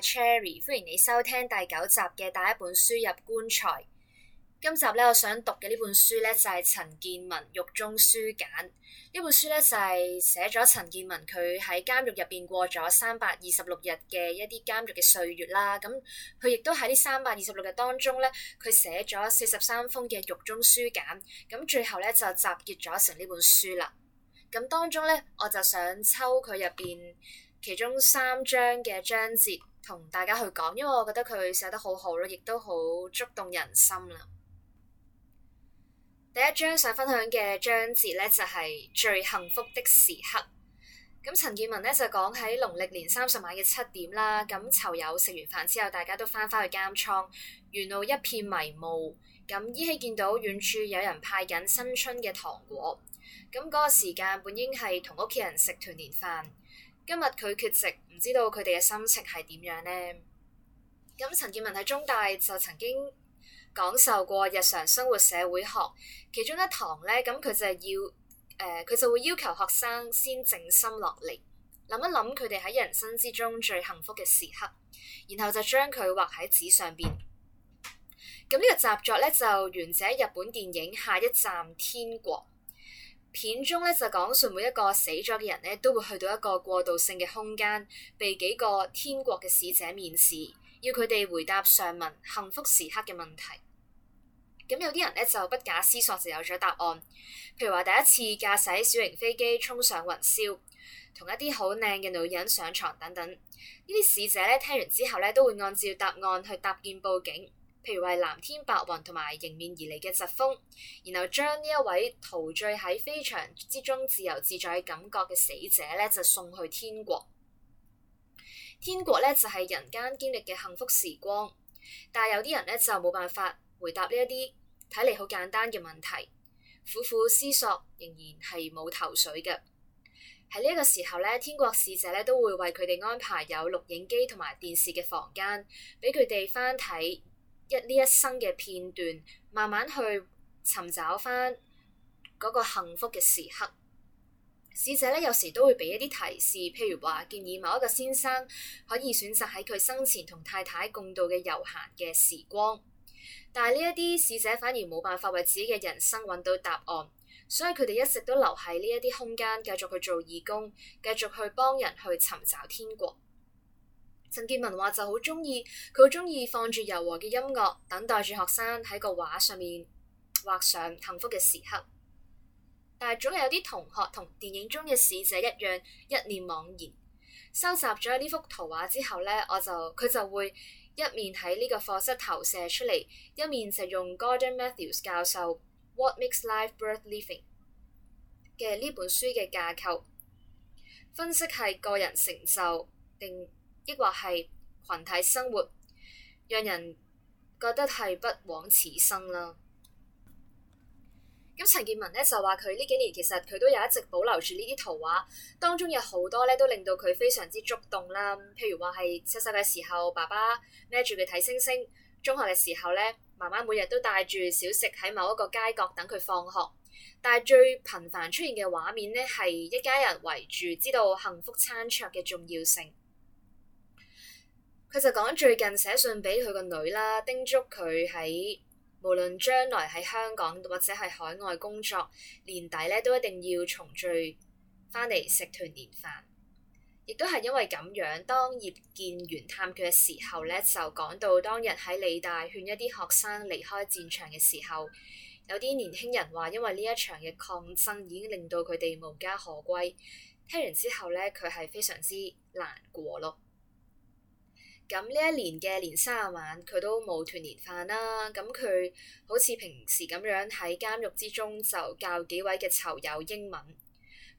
Cherry，歡迎你收聽第九集嘅帶一本書入棺材。今集咧，我想讀嘅呢本書咧就係陳健民獄中書簡。呢本書咧就係寫咗陳健民佢喺監獄入邊過咗三百二十六日嘅一啲監獄嘅歲月啦。咁佢亦都喺呢三百二十六日當中咧，佢寫咗四十三封嘅獄中書簡。咁最後咧就集結咗成呢本書啦。咁當中咧，我就想抽佢入邊其中三章嘅章節。同大家去講，因為我覺得佢寫得好好咯，亦都好觸動人心啦。第一章想分享嘅章節呢，就係、是、最幸福的時刻。咁陳健民呢，就講喺農曆年三十晚嘅七點啦。咁囚友食完飯之後，大家都翻返去監倉，沿路一片迷霧。咁依稀見到遠處有人派緊新春嘅糖果。咁嗰個時間本應係同屋企人食團年飯。今日佢缺席，唔知道佢哋嘅心情係點樣呢？咁陳健民喺中大就曾經講授過日常生活社會學，其中一堂呢，咁佢就要佢、呃、就會要求學生先靜心落嚟，諗一諗佢哋喺人生之中最幸福嘅時刻，然後就將佢畫喺紙上邊。咁呢個習作呢，就源自喺日本電影《下一站天國》。片中呢，就講述每一個死咗嘅人呢，都會去到一個過渡性嘅空間，被幾個天國嘅使者面試，要佢哋回答上文幸福時刻嘅問題。咁有啲人呢，就不假思索就有咗答案，譬如話第一次駕駛小型飛機衝上雲霄，同一啲好靚嘅女人上床等等。呢啲使者呢，聽完之後呢，都會按照答案去搭建布景。譬如為藍天白雲同埋迎面而嚟嘅疾風，然後將呢一位陶醉喺飛翔之中自由自在感覺嘅死者呢，就送去天國。天國呢，就係人間經歷嘅幸福時光，但係有啲人呢，就冇辦法回答呢一啲睇嚟好簡單嘅問題，苦苦思索仍然係冇頭緒嘅。喺呢一個時候呢，天國使者呢，都會為佢哋安排有錄影機同埋電視嘅房間，俾佢哋翻睇。一呢一生嘅片段，慢慢去尋找翻嗰個幸福嘅時刻。使者呢，有時都會俾一啲提示，譬如話建議某一個先生可以選擇喺佢生前同太太共度嘅悠閒嘅時光。但係呢一啲使者反而冇辦法為自己嘅人生揾到答案，所以佢哋一直都留喺呢一啲空間，繼續去做義工，繼續去幫人去尋找天國。陳健民話就好中意佢，好中意放住柔和嘅音樂，等待住學生喺個畫上面畫上幸福嘅時刻。但係總係有啲同學同電影中嘅使者一樣，一臉惘然。收集咗呢幅圖畫之後呢，我就佢就會一面喺呢個課室投射出嚟，一面就用 Gordon Matthews 教授《What Makes Life Worth Living》嘅呢本書嘅架構分析係個人成就定。抑或係群體生活，讓人覺得係不枉此生啦。咁陳健民呢，就話佢呢幾年其實佢都有一直保留住呢啲圖畫，當中有好多呢都令到佢非常之觸動啦。譬如話係細細嘅時候，爸爸孭住佢睇星星；中學嘅時候呢，媽媽每日都帶住小食喺某一個街角等佢放學。但係最頻繁出現嘅畫面呢，係一家人圍住，知道幸福餐桌嘅重要性。佢就講最近寫信俾佢個女啦，叮囑佢喺無論將來喺香港或者喺海外工作，年底呢都一定要重聚翻嚟食團年飯。亦都係因為咁樣，當葉建源探佢嘅時候呢，就講到當日喺理大勸一啲學生離開戰場嘅時候，有啲年輕人話因為呢一場嘅抗爭已經令到佢哋無家可歸。聽完之後呢，佢係非常之難過咯。咁呢一年嘅年卅晚，佢都冇團年飯啦。咁佢好似平時咁樣喺監獄之中就教幾位嘅囚友英文。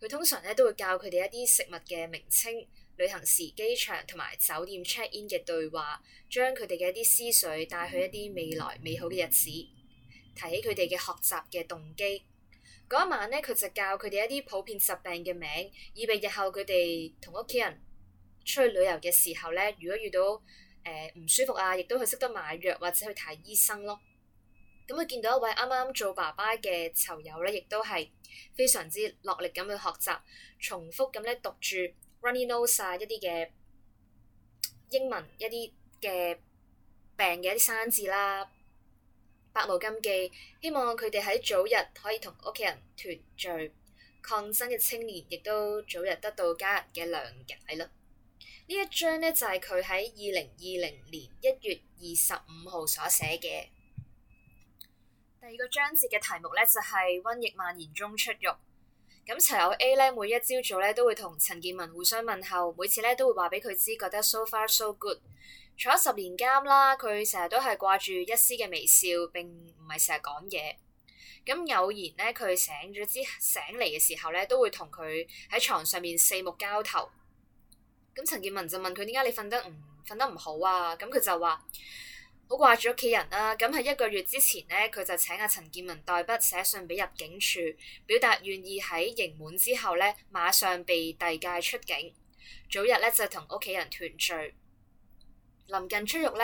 佢通常咧都會教佢哋一啲食物嘅名稱、旅行時機場同埋酒店 check in 嘅對話，將佢哋嘅一啲思緒帶去一啲未來美好嘅日子，提起佢哋嘅學習嘅動機。嗰一晚咧，佢就教佢哋一啲普遍疾病嘅名，以備日後佢哋同屋企人。出去旅遊嘅時候咧，如果遇到誒唔、呃、舒服啊，亦都去識得買藥或者去睇醫生咯。咁佢見到一位啱啱做爸爸嘅囚友咧，亦都係非常之落力咁去學習，重複咁咧讀住 runny nose、啊、一啲嘅英文一啲嘅病嘅一啲生字啦，百無禁忌。希望佢哋喺早日可以同屋企人團聚，抗爭嘅青年，亦都早日得到家人嘅諒解咯。呢一章呢，就係佢喺二零二零年一月二十五號所寫嘅。第二個章節嘅題目呢，就係、是、瘟疫蔓延中出獄。咁齊友 A 呢，每一朝早呢，都會同陳健民互相問候，每次呢，都會話俾佢知覺得 so far so good。坐咗十年監啦，佢成日都係掛住一絲嘅微笑，並唔係成日講嘢。咁偶然呢，佢醒咗之醒嚟嘅時候呢，都會同佢喺床上面四目交投。咁陳健民就問佢，點解你瞓得唔瞓、嗯、得唔好啊？咁佢就話好掛住屋企人啦、啊。咁喺一個月之前呢，佢就請阿陳健民代筆寫信俾入境處，表達願意喺刑滿之後呢，馬上被遞解出境，早日呢，就同屋企人團聚。臨近出獄呢，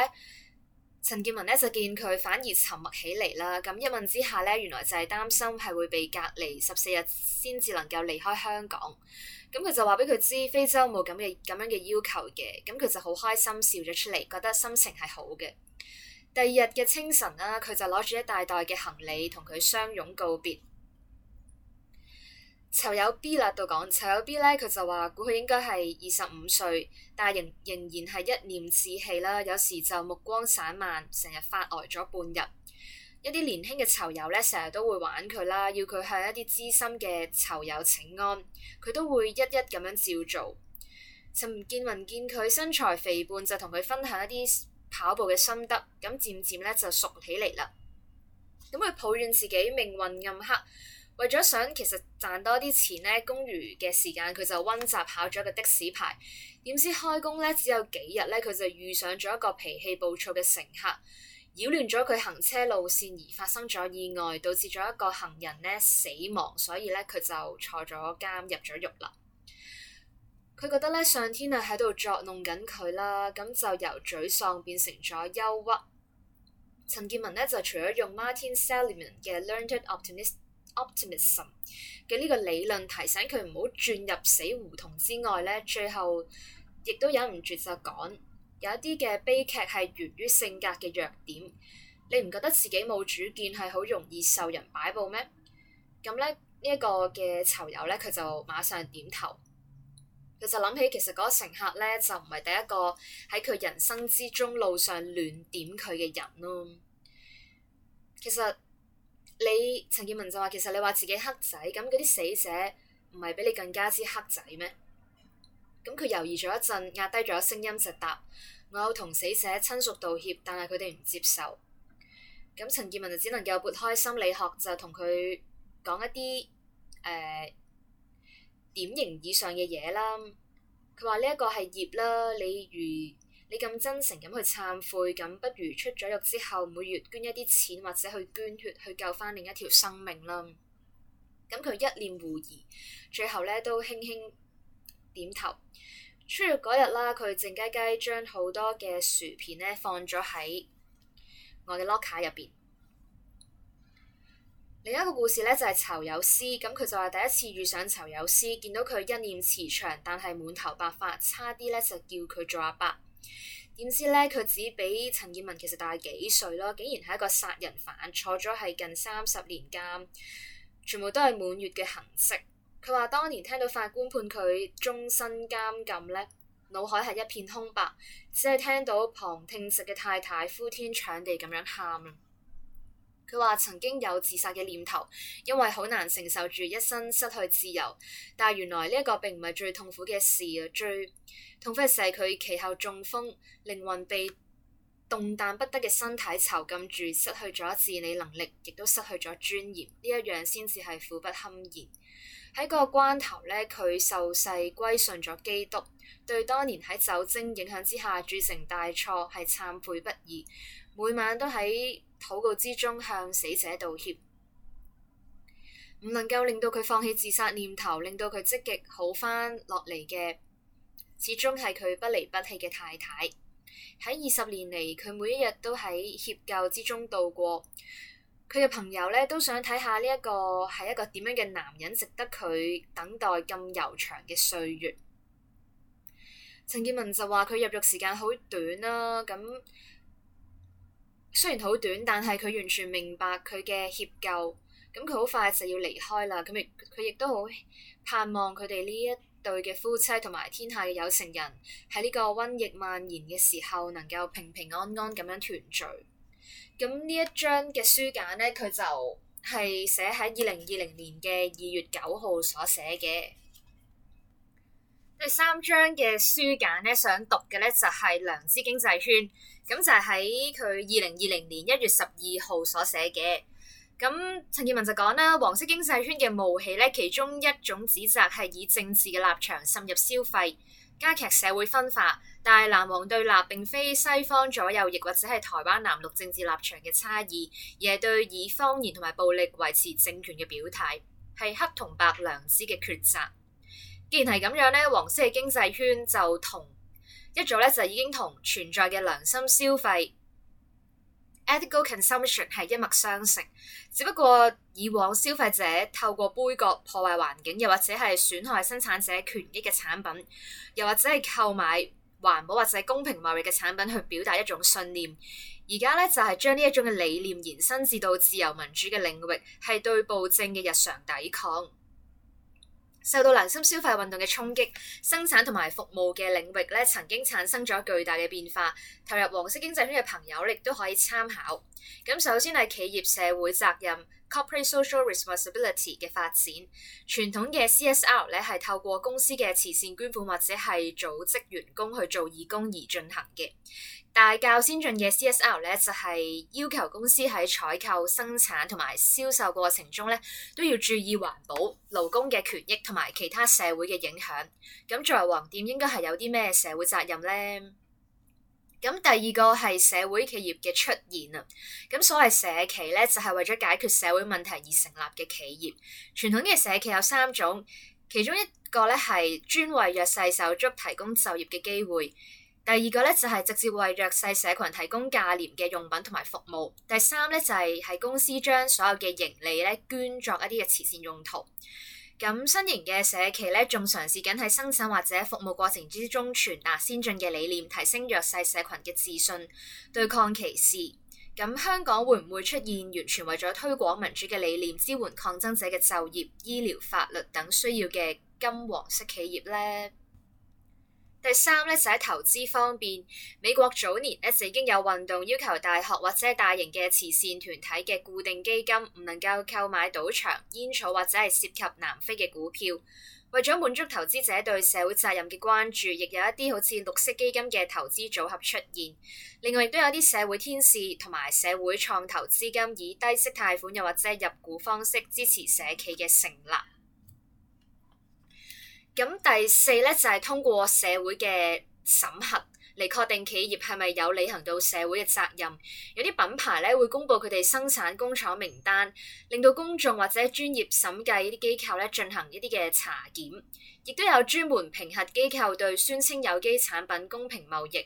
陳健民呢就見佢反而沉默起嚟啦。咁一問之下呢，原來就係擔心係會被隔離十四日先至能夠離開香港。咁佢就話俾佢知非洲冇咁嘅咁樣嘅要求嘅，咁佢就好開心笑咗出嚟，覺得心情係好嘅。第二日嘅清晨呢，佢就攞住一大袋嘅行李同佢相擁告別。囚友 B 啦，度講囚友 B 呢，佢就話估佢應該係二十五歲，但係仍仍然係一臉稚氣啦。有時就目光散漫，成日發呆咗半日。一啲年輕嘅囚友咧，成日都會玩佢啦，要佢向一啲資深嘅囚友請安，佢都會一一咁樣照做。陳建文見佢身材肥胖，就同佢分享一啲跑步嘅心得，咁漸漸咧就熟起嚟啦。咁佢抱怨自己命運暗黑，為咗想其實賺多啲錢咧，工餘嘅時間佢就温習考咗個的士牌。點知開工咧只有幾日咧，佢就遇上咗一個脾氣暴躁嘅乘客。擾亂咗佢行車路線而發生咗意外，導致咗一個行人呢死亡，所以呢，佢就坐咗監入咗獄啦。佢覺得呢，上天啊喺度作弄緊佢啦，咁就由沮喪變成咗憂鬱。陳健民呢，就除咗用 Martin Seligman 嘅 Learned Optimism 嘅 Optimism 呢個理論提醒佢唔好轉入死胡同之外呢，最後亦都忍唔住就講。有一啲嘅悲劇係源於性格嘅弱點，你唔覺得自己冇主見係好容易受人擺佈咩？咁咧呢一個嘅囚友呢，佢就馬上點頭。佢就諗起其實嗰個乘客呢，就唔係第一個喺佢人生之中路上亂點佢嘅人咯。其實你陳健民就話其實你話自己黑仔，咁嗰啲死者唔係比你更加之黑仔咩？咁佢猶豫咗一陣，壓低咗聲音直答。.我有同死者親屬道歉，但係佢哋唔接受。咁陳建文就只能夠撥開心理學，就同佢講一啲誒典型以上嘅嘢啦。佢話呢一個係業啦，你如你咁真誠咁去懺悔，咁不如出咗獄之後，每月捐一啲錢或者去捐血去救翻另一條生命啦。咁佢一臉狐疑，最後呢都輕輕點頭。出獄嗰日啦，佢靜雞雞將好多嘅薯片呢放咗喺我嘅 locker 入邊。另一個故事呢，就係囚友師，咁佢就話第一次遇上囚友師，見到佢一臉慈祥，但係滿頭白髮，差啲呢就叫佢做阿伯。點知呢，佢只比陳健民其實大幾歲咯，竟然係一個殺人犯，坐咗係近三十年監，全部都係滿月嘅行式。佢話：當年聽到法官判佢終身監禁咧，腦海係一片空白，只係聽到旁聽席嘅太太呼天搶地咁樣喊。佢話曾經有自殺嘅念頭，因為好難承受住一生失去自由。但係原來呢一個並唔係最痛苦嘅事啊！最痛苦係佢其後中風，靈魂被動彈不得嘅身體囚禁住，失去咗自理能力，亦都失去咗尊嚴。呢一樣先至係苦不堪言。喺個關頭呢，佢受洗歸信咗基督，對當年喺酒精影響之下鑄成大錯係懺悔不已，每晚都喺禱告之中向死者道歉。唔能夠令到佢放棄自殺念頭，令到佢積極好翻落嚟嘅，始終係佢不離不棄嘅太太。喺二十年嚟，佢每一日都喺歉疚之中度過。佢嘅朋友呢，都想睇下呢一個係一個點樣嘅男人，值得佢等待咁悠長嘅歲月。陳健民就話佢入獄時間好短啦，啊，咁雖然好短，但係佢完全明白佢嘅歉疚。咁佢好快就要離開啦，咁亦佢亦都好盼望佢哋呢一對嘅夫妻同埋天下嘅有情人喺呢個瘟疫蔓延嘅時候，能夠平平安安咁樣團聚。咁呢一張嘅書簡呢，佢就係寫喺二零二零年嘅二月九號所寫嘅。第三張嘅書簡呢，想讀嘅呢，就係良知經濟圈，咁就係喺佢二零二零年一月十二號所寫嘅。咁陳健民就講啦，黃色經濟圈嘅武器呢，其中一種指責係以政治嘅立場滲入消費。加劇社會分化，但係藍黃對立並非西方左右，亦或者係台灣南陸政治立場嘅差異，而係對以謊言同埋暴力維持政權嘅表態，係黑同白良知嘅抉擇。既然係咁樣咧，黃色嘅經濟圈就同一組咧，就已經同存在嘅良心消費。Ethical consumption 係一脈相承，只不過以往消費者透過杯葛破壞環境，又或者係損害生產者權益嘅產品，又或者係購買環保或者公平貿易嘅產品去表達一種信念。而家呢就係將呢一種嘅理念延伸至到自由民主嘅領域，係對暴政嘅日常抵抗。受到良心消費運動嘅衝擊，生產同埋服務嘅領域咧，曾經產生咗巨大嘅變化。投入黃色經濟圈嘅朋友，亦都可以參考。咁首先係企業社會責任 （Corporate Social Responsibility） 嘅發展。傳統嘅 CSR 咧係透過公司嘅慈善捐款或者係組織員工去做義工而進行嘅。大較先進嘅 CSR 咧，就係要求公司喺採購、生產同埋銷售過程中咧，都要注意環保、勞工嘅權益同埋其他社會嘅影響。咁作為黃店，應該係有啲咩社會責任咧？咁第二個係社會企業嘅出現啊！咁所謂社企咧，就係為咗解決社會問題而成立嘅企業。傳統嘅社企有三種，其中一個咧係專為弱勢手足提供就業嘅機會。第二個咧就係直接為弱勢社群提供價廉嘅用品同埋服務。第三咧就係喺公司將所有嘅盈利咧捐作一啲嘅慈善用途。咁新型嘅社企咧仲嘗試緊喺生產或者服務過程之中傳達先進嘅理念，提升弱勢社群嘅自信，對抗歧視。咁香港會唔會出現完全為咗推廣民主嘅理念，支援抗爭者嘅就業、醫療、法律等需要嘅金黃色企業咧？第三咧就喺投資方面。美國早年咧就已經有運動要求大學或者大型嘅慈善團體嘅固定基金唔能夠購買賭場、煙草或者係涉及南非嘅股票。為咗滿足投資者對社會責任嘅關注，亦有一啲好似綠色基金嘅投資組合出現。另外亦都有啲社會天使同埋社會創投資金以低息貸款又或者入股方式支持社企嘅成立。咁第四咧就係通過社會嘅審核嚟確定企業係咪有履行到社會嘅責任。有啲品牌咧會公布佢哋生產工廠名單，令到公眾或者專業審計呢啲機構咧進行一啲嘅查檢。亦都有專門評核機構對宣稱有機產品、公平貿易、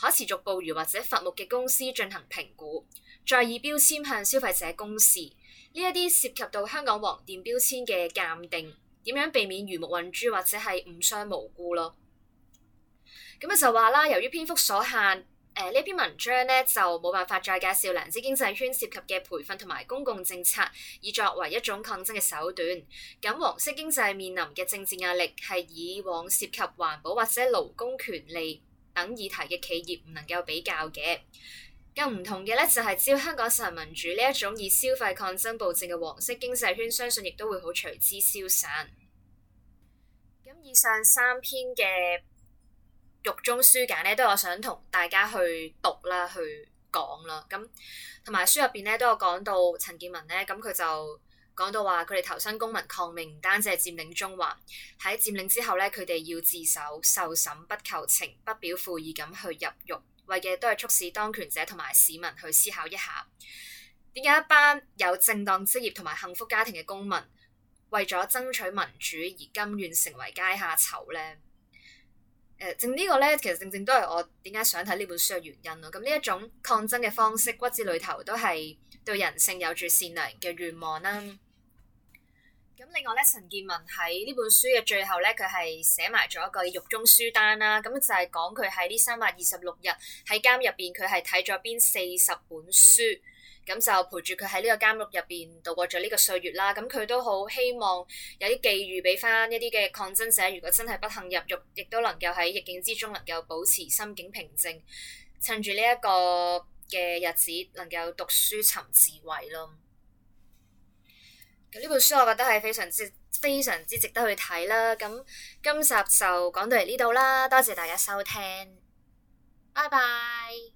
可持續捕魚或者伐木嘅公司進行評估，再以標籤向消費者公示。呢一啲涉及到香港黃店標籤嘅鑑定。點樣避免魚目混珠或者係誤傷無辜咯？咁啊就話啦，由於篇幅所限，呢、呃、篇文章呢就冇辦法再介紹良知經濟圈涉及嘅培訓同埋公共政策，以作為一種抗爭嘅手段。咁黃色經濟面臨嘅政治壓力係以往涉及環保或者勞工權利等議題嘅企業唔能夠比較嘅。更唔同嘅呢，就係只要香港實行民主呢一種以消費抗爭暴政嘅黃色經濟圈，相信亦都會好隨之消散。咁以上三篇嘅獄中書簡呢，都有想同大家去讀啦，去講啦。咁同埋書入邊呢，都有講到陳健民呢，咁佢就講到話佢哋投身公民抗命，唔單止係佔領中環，喺佔領之後呢，佢哋要自首受審，不求情，不表悔意咁去入獄。為嘅都係促使當權者同埋市民去思考一下，點解一班有正當職業同埋幸福家庭嘅公民，為咗爭取民主而甘願成為階下囚咧？誒、呃，正個呢個咧，其實正正都係我點解想睇呢本書嘅原因咯。咁呢一種抗爭嘅方式，骨子裏頭都係對人性有住善良嘅願望啦、啊。咁另外咧，陳健民喺呢本書嘅最後咧，佢係寫埋咗一個獄中書單啦。咁就係講佢喺呢三百二十六日喺監入邊，佢係睇咗邊四十本書。咁就陪住佢喺呢個監獄入邊度過咗呢個歲月啦。咁佢都好希望有啲寄語俾翻一啲嘅抗爭者，如果真係不幸入獄，亦都能夠喺逆境之中能夠保持心境平靜，趁住呢一個嘅日子能夠讀書尋智慧咯。呢本書我覺得係非常之非常之值得去睇啦！咁今集就講到嚟呢度啦，多謝大家收聽，拜拜。